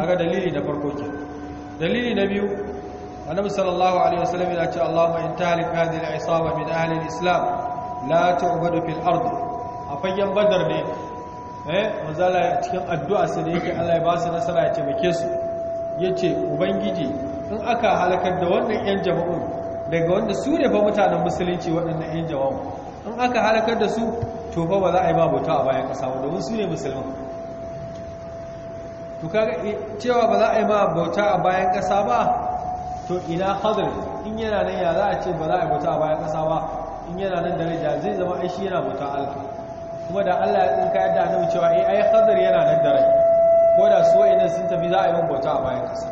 kaga dalili da farko ke dalili na biyu annabi sallallahu alaihi wasallam ya ce Allahumma in tahlik hadhihi al-isaba min ahli al-islam la tu'badu fil ardh a fagen badar ne eh manzala cikin addu'a sai da yake Allah ya ba su nasara ya taimake su yace ubangiji in aka halakar da wannan yan jama'u daga wanda su ne fa mutanen musulunci waɗannan yan jama'u in aka halakar da su to fa ba za a yi babuta a bayan ƙasa ba domin su ne musulman to kaga eh, cewa ba za a yi ma bauta a bayan ƙasa ba to ina hadir in yana nan ya za a ce ba za a yi bauta a bayan ƙasa ba in yana nan daraja zai zama aishi yana bauta Allah kuma da Allah ya ka yadda annabi cewa eh ai khadar yana nan da rai ko da su waina sun tafi za a yi bauta a bayan kasa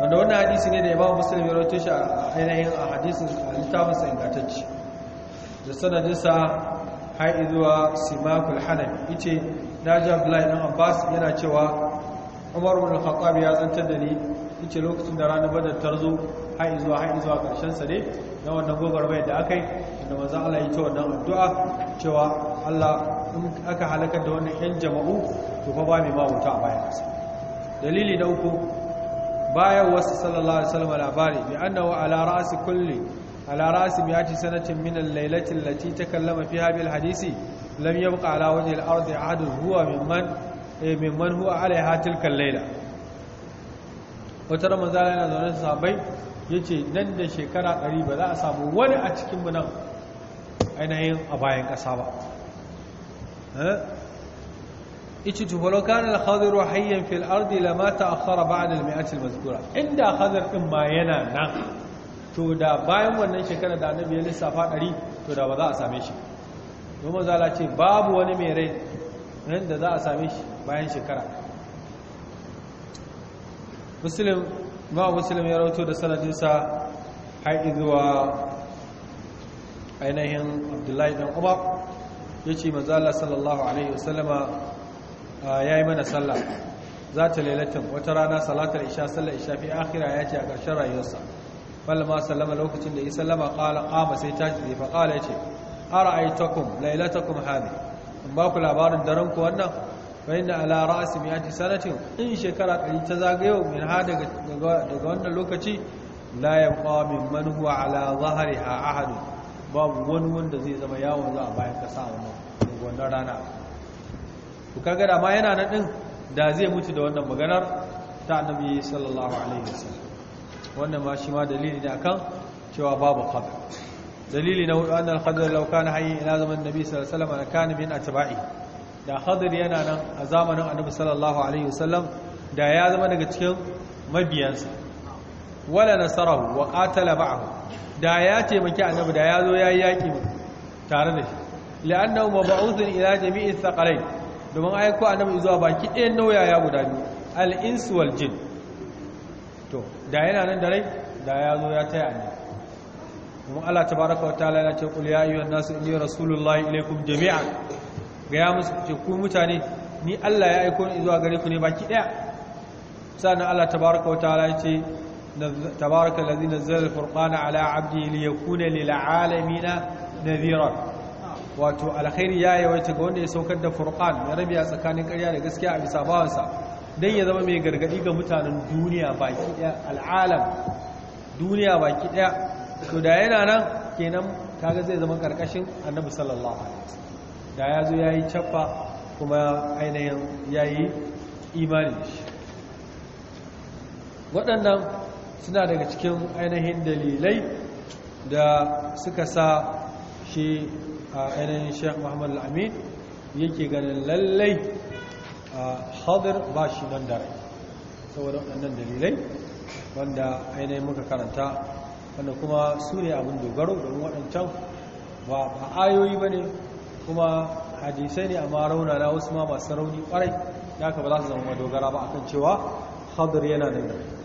wanda wannan hadisi ne da Imam Muslim ya rawaito shi a ainihin a hadisin littafin sa ingantacce da sanadinsa har zuwa Simakul Hanan yace Naji Abdullahi dan Abbas yana cewa Umar ibn Khattab ya zantar da ni yace lokacin da ranar Badar ta zo zuwa har zuwa karshen sa ne na wannan bai da aka yi. da manzo Allah ya ta wannan addu'a cewa Allah in aka halakar da wani yan jama'u to fa ba mai ma wuta a bayan sa dalili na uku bayan wasu sallallahu alaihi wasallam labari bi annahu ala ra'si kulli ala ra'si mi'ati sanatin min al-lailati allati takallama fiha bil hadisi lam yabqa ala wajhi al-ardi ahadun huwa mimman eh, mimman huwa alaiha tilka al-laila wata ramazana yana zaune sahabbai yace nan da shekara 100 ba za a samu wani a cikin mu nan ainihin a bayan ƙasa ba eh? ichi tufalo kan al-khadiru hayyan fil ardi lama ta'akhkhara ba'da al-mi'ati al-mazkura inda khadir din ma yana nan to da bayan wannan shekara da annabi ya lissafa ɗari, to da ba za a same shi domin zala ce babu wani mai rai nan da za a same shi bayan shekara muslim ma muslim ya rawato da sanadinsa har zuwa ainihin abdullahi dan umar ya ce manzala sallallahu alaihi wasallama ah, ya yi mana sallah za ta wata rana salatar isha sallar isha fi akira ya ce a ƙarshen rayuwarsa ma sallama lokacin da ya sallama ƙala ƙama sai ta jide fa ƙala ya ce ara aitakum lailatakum Hami in ba ku labarin daren ku wannan bayan da ala ra'asi mai yaji sanatin in shekara ɗari ta zagayo min ha daga wannan lokaci la yabqa min man huwa ala zahriha ahadu. babu wani wanda zai zama yawon za a bayan kasa a wannan rana ku kaga da ma yana nan din da zai mutu da wannan maganar ta annabi sallallahu alaihi wasallam wannan ma shi ma dalili ne akan cewa babu qadar dalili na hudu annal qadar law kana hayy ila zaman annabi sallallahu alaihi wasallam kana min atba'i da qadar yana nan a zamanin annabi sallallahu alaihi wasallam da ya zama daga cikin mabiyansa wala nasarahu wa qatala ba'ahu da ya taimaki annabi da ya zo ya yi yaƙi tare da shi la'annahu mab'uthun ila jami'i thaqalain domin aiko annabi zuwa baki ɗayan nauya ya guda biyu al-ins wal jin to da yana nan da rai da ya zo ya taya annabi kuma Allah tabaaraka wataala ya ce qul ya ayyuhan nasu inni rasulullahi ilaykum jami'an ga ya musu ce ku mutane ni Allah ya aiko ni zuwa gare ku ne baki ɗaya sannan Allah tabaaraka wataala ya ce تبارك الذي نزل الفرقان على عبده ليكون للعالمين نذيرا wato alkhairi ya yawaita ga wanda ya saukar da furqan ya rabiya tsakanin karya da gaskiya a bisa bawansa dan ya zama mai gargadi ga mutanen duniya baki daya al'alam duniya baki daya to da yana nan kenan kaga zai zama karkashin annabi sallallahu alaihi da ya zo yayi caffa kuma ainihin yi imani waɗannan suna daga cikin ainihin dalilai da suka sa shi a ainihin shek muhammad al'amin yake ganin lallai a hadar ba shi nan da saboda waɗannan dalilai wanda ainihin muka karanta wanda kuma su ne abin dogaro domin waɗancan ba ayoyi ba ne kuma hadisai ne amma rauna na wasu ma masu rauni ƙwarai da aka ba za su zama dogara ba akan cewa hadar yana nan da rai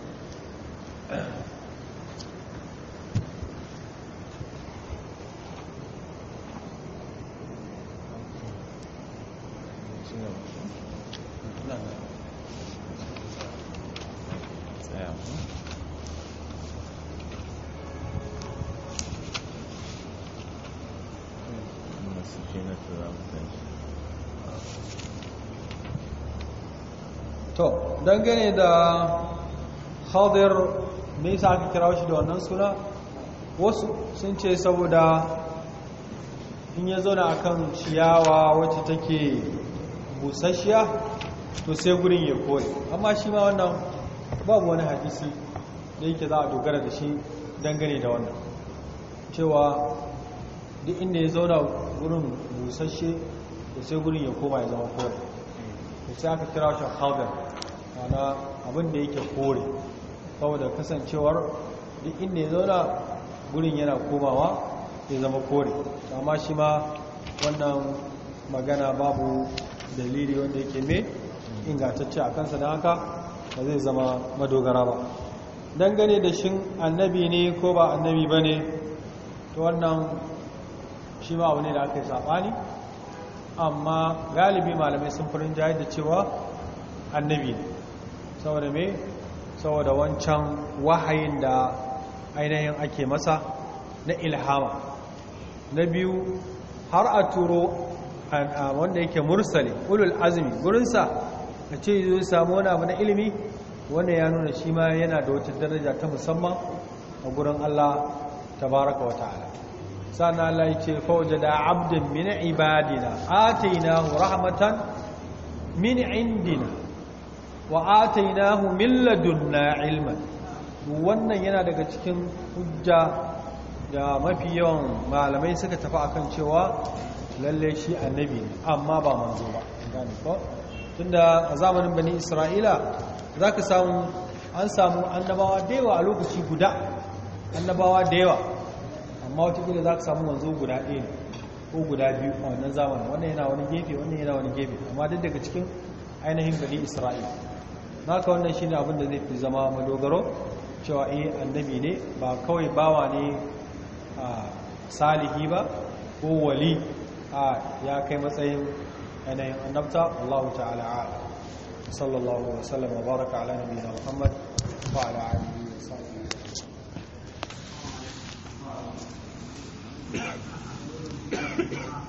dangane da hadir me yasa aka kira shi da wannan suna wasu sun ce saboda in ya zauna akan ciyawa wacce take busasshiya to sai gurin ya kore amma shi ma wannan babu wani hadisi da yake za a dogara da shi dangane da wannan cewa duk inda ya zauna gurin busasshe da sai gurin ya koma ya zama kore da sai aka kira shi haɗar mana abinda yake kore saboda kasancewar duk inda ya zauna gurin yana komawa ya zama kore amma shi ma wannan magana babu dalili wanda yake mai ingantacce a kansa don haka ba zai zama madogara ba dangane da shin annabi ne ko ba annabi ba ne ta wannan shi ma wani da aka yi saɓani amma galibi malamai sun farin jayi da cewa annabi ne saboda mai saboda wancan wahayin da ainihin ake masa na ilhama na biyu har a turo wanda yake mursali ulul azumi gurinsa a ce zuwa samu wani abu na ilimi wanda ya nuna shi ma yana da wata daraja ta musamman a gurin Allah Ta baraka wa ta'ala sa'ana Allah ya ce fauja da abdin min ibadina na rahmatan min indina wa atainahu min ladunna ilman wannan yana daga cikin hujja da mafi yawan malamai suka tafi akan cewa lalle shi annabi ne amma ba manzo ba gane ko tunda a zamanin bani isra'ila zaka samu an samu annabawa da yawa a lokaci guda annabawa da yawa amma wata kila zaka samu manzo guda ɗaya ko guda biyu a wannan zamanin wannan yana wani gefe wannan yana wani gefe amma duk daga cikin ainihin bani isra'ila haka wannan shine abin da zai fi zama madogaro cewa eh annabi ne ba kawai bawa ne a salihi ba ko wali a ya kai matsayin yanayin annabta Allah ta'ala ala sallallahu alaihi wasallam wa baraka ala nabiyina Muhammad wa ala alihi wa sahbihi